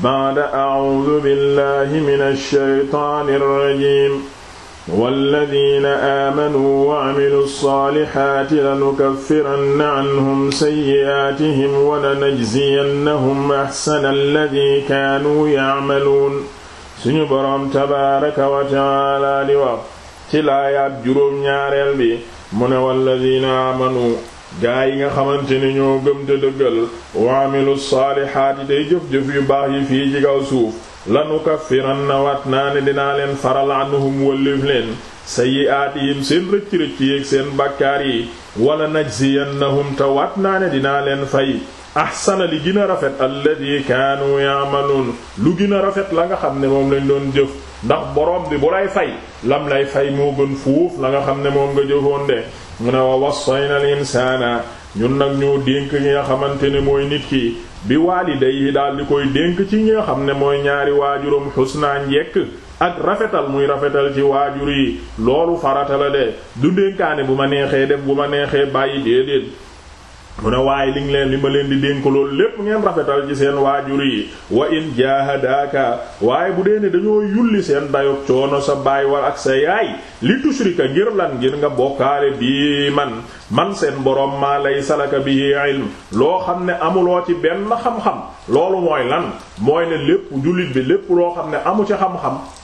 ba'da a'uudu billahi mina shaytaani rajiim walladiina aamanuu wa amilu saalihaati lanukaffiranna anhum sayyi'aatihim wa lanajziyannahum ahsana alladii kaanuu ya'maluun suñu boroom tabaaraka wa ta'aala di wax ci laayaab juróom ñaareel bi mu ne walladiina aamanuu gaa yi nga xamante ni ñoo gëm te dëggal wa amilu saalihaati tey jëf-jëf yu baax yi fii ci kaw suuf lanukaffiran na waat naa ne dinaa leen faral anhum leen sayyi'aatihim seen rëcc-rëcc yeeg seen bàkkaar yi wala najziyannahum te waat naa ne dinaa leen fay ahsana li gën a rafet alladi kaanu yaamaluun lu gën a rafet la nga xam ne moom lañ doon jëf ndax boroom bi bu lay fay lam lay fay moo gën fuuf la nga xam ne moom nga jëfoon de mu ne wa wassayna al insaana ñun nag ñoo dénk ñi nga xamante ne mooy nit ki bi waalidayhi daal di koy dénk ci ñi nga xam ne mooy ñaari waajuram xusnaa njekk ak rafetal muy rafetal ci waajur yi loolu farata la de du dénkaane bu ma neexee def bu ma neexee bàyyi déedéet mu ne waaye li ngi leen li ma leen di dénk loolu lépp ngeen rafetal ci seen waajur yi wa in jahadaka waaye bu dee ne dañoo yulli seen dayog coono sa baay war ak sa yaay li tushrika ngir lan ngir nga bokkaale bii man man seen boroom maa laysa laka bihi ilm loo xam ne amuloo ci benn xam-xam loolu mooy lan mooy ne lépp jullit bi lépp loo xam ne amu ci xam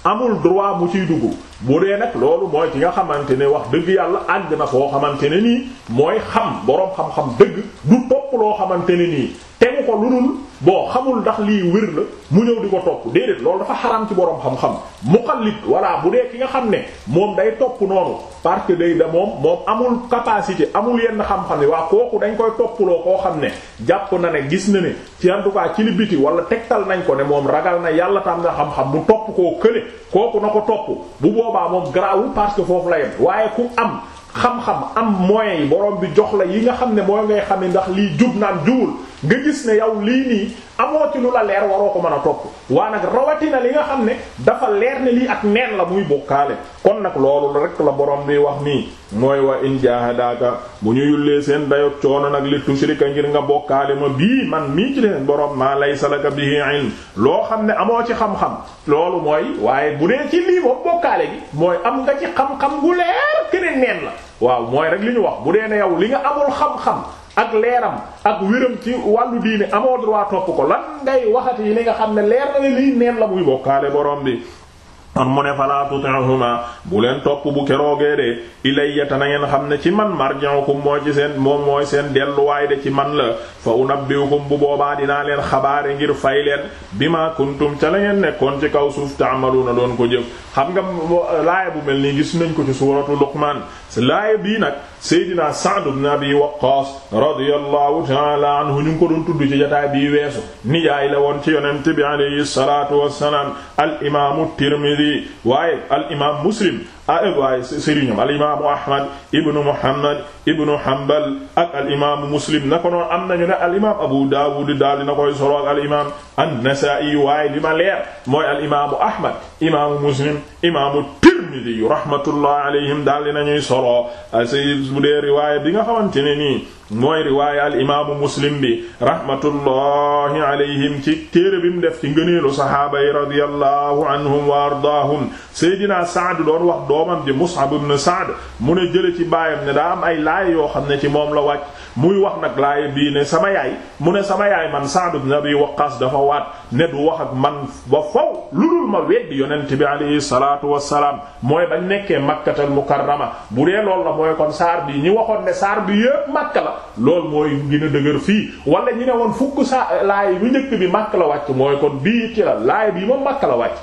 amul droit mu ciy dugg bu dee nag loolu mooy ki nga xamante ne wax dëgg yàlla àgg na foo xamante ne nii mooy xam boroom xam-xam dëgg du topp loo xamante ne nii tegu ko lu dul boo xamul ndax lii wér la mu ñëw di ko topp déedéet loolu dafa xaram ci boroom xam-xam muqallid walla bu dee ki nga xam ne moom day topp noonu parce que day da moom moom amul capacité amul yenn xam-xam ne waa kooku dañ koy toppaloo koo xam ne jàpp na ne gis na ne ci en tout ci li biti wala tegtal nañ ko ne moom ragal na yàlla tam nga xam-xam mu topp koo kële kooku na ko topp bu boobaa moom garaawul parce que foofu la yem waaye ku am xam-xam am moyens yi bi jox la yi nga xam ne mooy ngay xam ne ndax lii jub naan jubul nga gis ne yow lii nii amoo ci lu la leer waroo ko mën a topp waa nag rawatina li nga xam ne dafa leer ne lii ak neen la muy bokkaale kon nag loolu rek la borom bi wax nii mooy wa in jahadaka bu ñu yullee seen dayot coono nag li tushrika ngir nga bokkaale ma bii man mii ci leen borom maa laysa laka bihi ilm loo xam ne amoo ci xam-xam loolu mooy waaye bu dee ci lii moom bokkaale gi mooy am nga ci xam-xam gu leer keneen neen la waaw mooy rek li ñu wax bu dee ne yow li nga amul xam-xam ak leeram ak wiram ci wàllu diine amoo droit topp ko lan ngay yi li nga xam ne leer na ne lii neen la muy bokkaale borom bi kon mu ne falaa tutihuma bu leen topp bu keroogee de ilayya ta na ngeen xam ne ci man marji'ukum moo ci seen moom mooy seen delluwaay de ci man la fa unabbiukum bu boobaa dinaa leen xabaare ngir fay leen bi bima kuntum ca la ngeen nekkoon ci kaw suuf ta'maluna doon ko jëf xam nga laaya bu mel nii gis nañ ko ci suuratu luqman laaya bii nag Seydina Sa'd ibn Abi Waqqaas radiyallahu ta'ala anhu ñu ngi ko doon tudd ci jotaay bii weesu nijaay la woon ci yonent bi alayhi salaatu wassalaam al imaamu Tirmidi waaye al imaam Muslim eh, waaye sëriñam al imaamu Ahmad ibnu Muhammad ibnu Hanbal ak al imaamu Muslim naka noonu am nañu ne al imaam Abu Daawud daal dina koy solo ak al imaam an-Nasaa'i waaye li ma leer mooy al imaamu Ahmad imaamu Muslim imaamu Tirmidi tirmidi yu rahmatullah alayhim daal dinañuy solo asayid bu dee riwaaya bi nga xamante ne nii mooy riwaaya al imaamu muslim bi rahmatullahi alayhim ci téere bi mu def ci ngëneelu sahaaba yi radiyallahu anhum wa ardaahum seydina saad doon wax doomam ji mus'ab ibn saad mu ne jële ci baayam ne daa am ay laaya yoo xam ne ci moom la wàcc muy wax nag laaya bi ne sama yaay mu ne sama yaay man saad ibn abi waqaas dafa waat ne du wax man ba faw lu dul ma weddi yonent bi alayhi salaatu wassalaam mooy bañ nekkee makkatal mukarrama bu dee loolu la mooy kon saar bi loolu mooy gën dëgër fii wala ñu ne woon fukk sa laay bu njëkk bi màkk la wàcc mooy kon bii ci la laay bii ma màkk la wàcc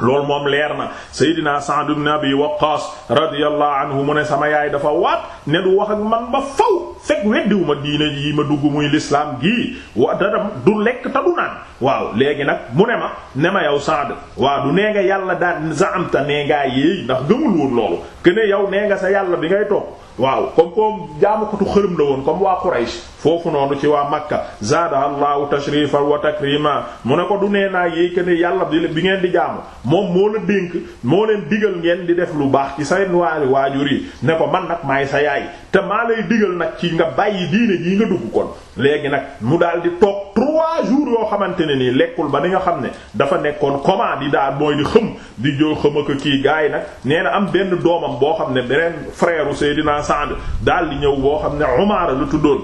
loolu moom leer na Seydina Sa'd ibn Abi Waqqas radiyallahu anhu mu ne sama yaay dafa waat ne du wax ak man ba faw fekk weddiwu ma diine yi ma dugg muy lislaam gi wa dara du lekk ta du waaw léegi nag mu ne ma ne ma yow Sa'd waaw du nee nga yàlla daan zaamta nee ngaa yéey ndax gëmul woon loolu que ne yow nee nga sa yàlla bi ngay toog waaw comme comme jaamukatu xërëm la woon comme waa Quraysh foofu noonu ci waa Makka zaada allahu tashrifan wa takrima mu ne ko du nee naa yéy que yàlla bi ngeen di jaamu moom moo la dénk moo leen digal ngeen di def lu baax ci seen waali waajur yi ne ko man nag maay sa yaay te maa lay digal nag ci nga bàyyi diine jii nga dugg kon léegi nag mu daal di toog trois yoo xamante ne nii lekkul ba ni nga xam ne dafa nekkoon comment yi daal mooy di xëm di joo xëm ak kii gars yi nag nee na am benn doomam boo xam ne beneen frère Seydina Sa'd daal di ñëw boo xam ne Umaara lu tuddoon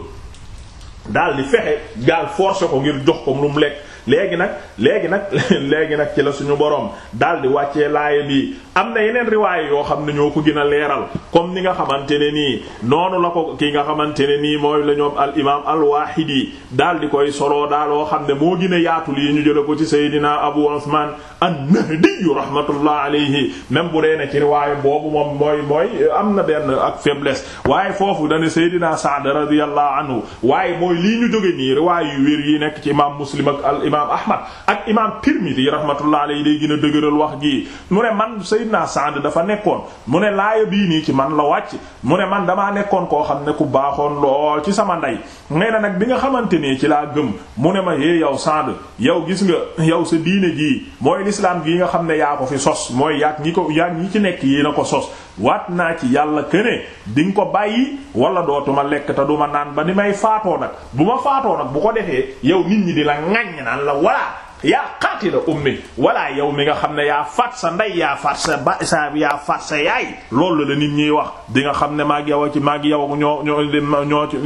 daal di fexe gaal forcer ko ngir jox ko lu mu lekk. léegi nag léegi nag léegi nag ci la suñu borom daal di wàccee laaya bi am na yeneen riwaay yoo xam ne ñoo ko gën a leeral comme ni nga xamante ne nii noonu la ko ki nga xamante ne nii mooy la ñoom al imaam al waahidi daal di koy soloo daaloo xam ne moo gën a yaatu lii ñu jële ko ci Seydina Abu Usman an-Nahdi rahmatullah alayhi même bu dee ne ci riwaay boobu moom mooy mooy am na benn ak faiblesse waaye foofu dane Seydina Sa'd radiyallahu anhu waaye mooy lii ñu jóge nii riwaay yu wér imaam Ahmad ak imaam Tirmidhi rahmatullah alayhi léegi na a dëgëral wax ji mu ne man Seydina Saad dafa nekkoon mu ne laaya bii nii ci man la wàcc mu ne man damaa nekkoon koo xam ne ku baaxoon lool ci sama ndey nee na nag bi nga xamante ne ci laa gëm mu ne ma yee yow Saad yow gis nga yow sa diine jii mooy lislaam gi nga xam ne yaa ko fi sos mooy yaa ñi ko yaa ñi ci nekk yéen na ko sos waat naa ci yàlla këne di ko bàyyi wala dootuma lekk te du ma naan ba di may faatoo nag bu ma faatoo nag bu ko defee yow nit ñi di la ŋaññ naan la wala yaa qaatila ummi wala yow mi nga xam ne yaa faat sa ndey yaa faat sa ba sa yaa sa yaay loolu la nit ñiy wax di nga xam ne maag yow a ci maag yow ñoo ñoo ñoo ci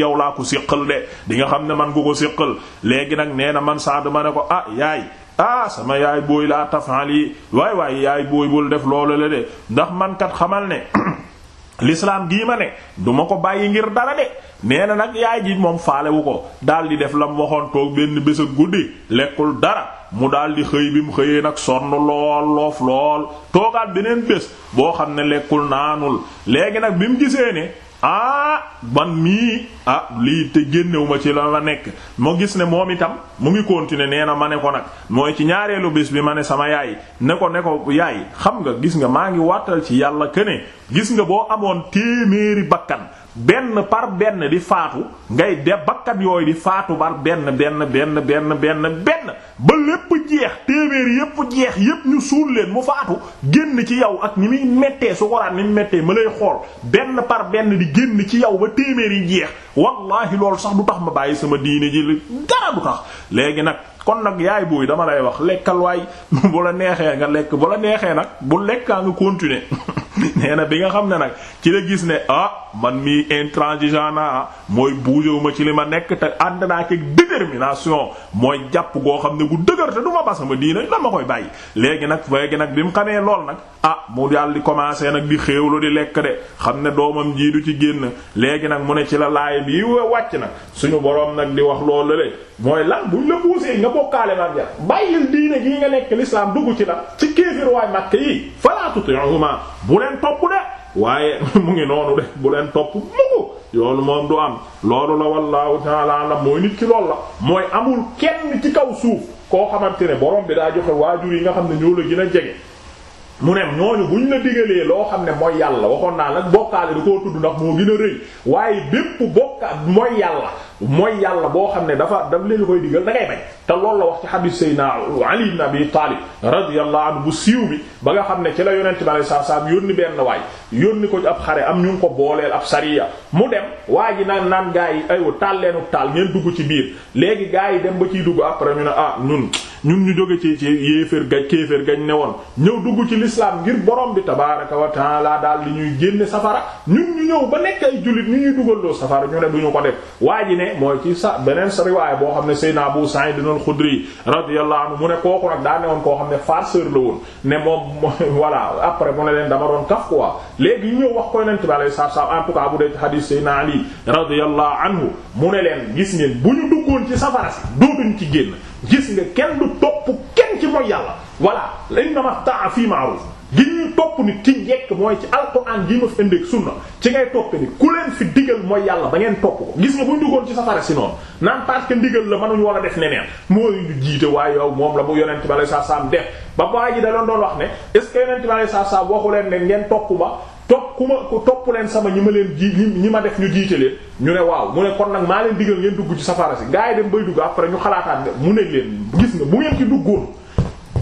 yow laa ko siqal de di nga xam ne man gu ko siqal léegi nag nee na man saadu ma ne ko ah yaay ah sama yaay booy laa tafali waay waay yaay booy bul def loolu la de ndax man kat xamal ne lislaam gii ma ne du ko bàyyi ngir dara de nee na nag yaay ji moom faalewu ko daal di def lam waxoon toog benn bés a guddi lekkul dara mu daal di xëy bi mu xëyee nag sonn lool loof lool toogaat beneen bés boo xam ne lekkul naanul léegi nag bi mu gisee ne ah ban mii ah lii te génnewu ma ci la nekk moo gis ne moom itam mu ngi continuer nee na ma ne ko nag mooy ci ñaareelu bis bi ma ne sama yaay ne ko ne ko yaay xam nga gis nga maa ngi wàttal ci yàlla këne gis nga boo amoon téeméeri bakkan benn par benn di faatu ngay de bakkat yooyu di faatu par benn benn benn benn benn benn ba lépp jeex téeméeri yépp jeex yépp ñu suul leen mu faatu génn ci yow ak ni muy méttee su waraat ni mu méttee ma lay xool benn par benn di génn ci yow ba téeméeri jeex wallahi loolu sax du tax ma bàyyi sama diine ji dara du tax léegi nag kon nag yaay booy dama lay wax lekkal waay bu la neexee nga lekk bu la neexee nag bu lekkaa nga continuer nee na bi nga xam ne nag ci la gis ne ah man mii intransigeant naa mooy buujewuma ci li ma nekk te ànd naa ci détermination mooy jàpp goo xam ne bu dëgër te du ma ba sama diina la ma koy bàyyi. léegi nag léegi nag bi mu xamee lool nag ah mu daal di commencé nag di xéewlu di lekk de xam ne doomam jii du ci génn léegi nag mu ne ci la laay bi wàcc nag suñu borom nag di wax loolu la mooy bokkaale maam yàlla bàyyil diine gii nga nekk l'islam dugg ci la ci kéefir waay màkk yi fala tuti'uhuma bu leen topp de waaye mu ngi noonu de bu leen topp mugu yoolu moom du am loolu la wallahu ta'ala la mooy nit ki loolu la mooy amul kenn ci kaw suuf koo xamante ne borom bi daa joxe waajur yi nga xam ne ñoo la gën a jege mu ne ñooñu buñ la digalee loo xam ne mooy yàlla waxoon naa nag bokkaale du koo tudd ndax moo gën a rëy waaye bépp bokka mooy yàlla mooy yàlla boo xam ne dafa daf leen koy digal da te loolu la wax ci xadiis Seydina Ali ibn Abi Taalib radiyallahu anhu bu siiw bi ba nga xam ne ci la yonent bi alayhi salaatu salaam yónni benn waay yónni ko ab xare am ñu ngi ko booleel ab sariya mu dem waa ji naan naan gaa yi aywa taal leenu taal ngeen dugg ci biir léegi gaa yi dem ba ciy dugg après ñu ne ah ñun ñun ñu jóge ci ci yéeféer gañ kéeféer gañ ne ñëw dugg ci l'islam ngir borom bi tabaraka wa taala daal li ñuy génne safara ñun ñu ñëw ba nekk ay jullit ñu ñuy dugalloo safara ñu ne duñu ko def waa ji ne mooy ci sa beneen sa boo xam ne Seydina Abu Sa'id al-Xudri radiyallahu anhu mu ne kooku nag daa newoon koo xam ne farceur la woon ne moom voilà après mu ne leen dama doon kaf quoi léegi ñu wax ko yonent bi alayhi salaatu wa salaam en tout cas bu dee hadith Seydina Ali radiyallahu anhu mu ne leen gis ngeen bu ñu duggoon ci safara si dootuñ ci génn gis nga kenn du topp kenn ci mooy yàlla voilà innamaa ta'a fi ma'ruf gi ñuy topp nit ci njekk mooy ci alxuraan gi ma fi indi ak sunna ci ngay topp ni ku leen fi digal mooy yàlla ba ngeen topp ko gis nga bu ñu duggoon ci safara si noonu naan parce que war a def neneen mooy ñu yow moom la mu yonent bi alei satu salaam def ba waa ji da ne est ce que yonent bi alei leen ne ngeen topp ba topp ku ma leen sama ñi ma leen ji ñi ma def ñu jiite ñu ne waaw mu ne kon nag maa leen digal ngeen dugg ci safara si gaa bay dugg après ñu xalaataat mu ne leen gis nga bu ngeen ci duggoon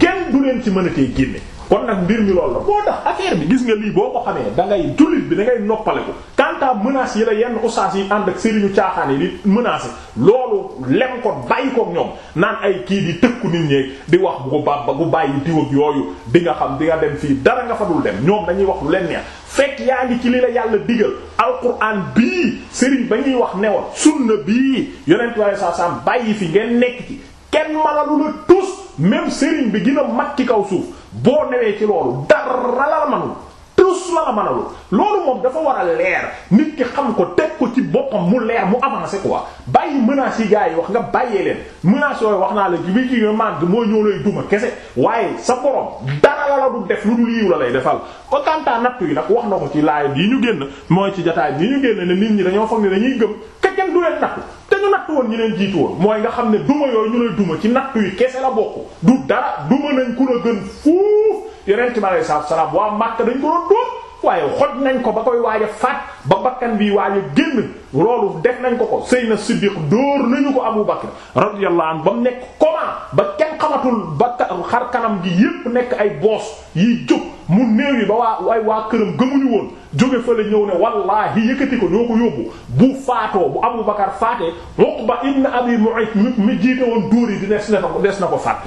kenn du leen ci mën a tee génne kon nag mbir mi loolu la boo tax affaire bi gis nga lii boo ko xamee da ngay jullit bi da ngay noppale ko quant à menaces yi la yenn ustaas yi ànd ak sëriñu caaxaan yi di menacé loolu lem ko bàyyi kook ñoom naan ay kii yi tëkku nit ñeeg di wax bu ko ba bu bàyyi diw yooyu di nga xam di nga dem fii dara nga fa dul dem ñoom dañuy wax lu leen neex fekk yaa ngi ci lii la yàlla digal alquran bii sëriñ ba ñuy wax newoon sunna bii yonent bi saa saa bàyyi fi ngeen nekk ci kenn mala lu la même sëriñ bi gën mag ci kaw suuf boo newee ci loolu dara la manul tus la manalul loolu moom dafa war a leer nit ki xam ko teg ko ci boppam mu leer mu avancé quoi bàyyi menaces si gars yi wax nga bàyyee leen menaces yooyu wax naa la ji bi ji nga màgg mooy ñoo lay duma kese waaye sa borom dara la la du def lu dul yiw la lay defal ko kantaa nattu yi nag wax na ko ci laay yi ñu génn mooy ci jotaay yi ñu génn ne nit ñi dañoo foog ne dañuy gëm ka kenn du leen nattu ñu natt woon ñi leen jiitu woon mooy nga xam ne duma yooyu ñu lay duma ci natt yi kese la bokk du dara duma nañ ku la gën fuuf yeneen ci ma lay salaam waa Makka dañ ko doon dóor waaye xoj nañ ko ba koy waaj a faat ba bakkan bi waaj a génn loolu def nañ ko ko Seydina Siddiq dóor nañu ko Abu Bakr radiyallahu anhu ba mu nekk comment ba kenn xamatul bakkan xar kanam gi yépp nekk ay boos yiy jóg mu néew yi ba waa waay waa këram gëmuñu woon jóge fa la ñëw ne wallaahi yëkkati ko ñoo ko yóbbu bu faatoo bu Abu Bakar faatee Uqba ibn Abi Mu'ayt mi jiite woon dóor yi di des na ko des na ko faat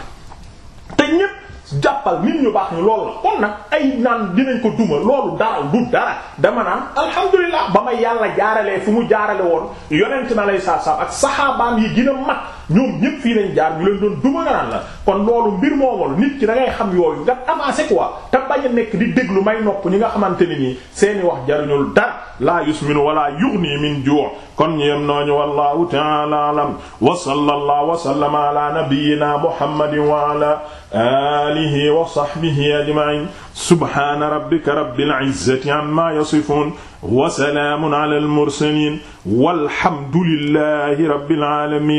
te ñépp jàppal nit ñu baax ñu loolu la kon nag ay naan dinañ ko duma loolu dara du dara dama naan alhamdulilah ba ma yàlla jaaralee fu mu jaarale woon yonent na lay saa saab ak saxaabaam yi gën a mat ñoom ñépp fii lañ jaar ñu leen doon duma naan la kon loolu mbir moomal nit ki xam yooyu nga avancé quoi te bañ a nekk di déglu may nopp ñi nga xamante ne nii seeni wax jariñul dara laa yusminu wala yughni min ju' kon ñeem nooñu wallahu ta'ala alam wa sallallahu wa sallama ala nabiyyina muhammadin wa ala alihi wa sahbihi ajma'in subhana rabbika rabbil izzati amma yasifun wa salamun ala al mursalin walhamdulillahi rabbil alamin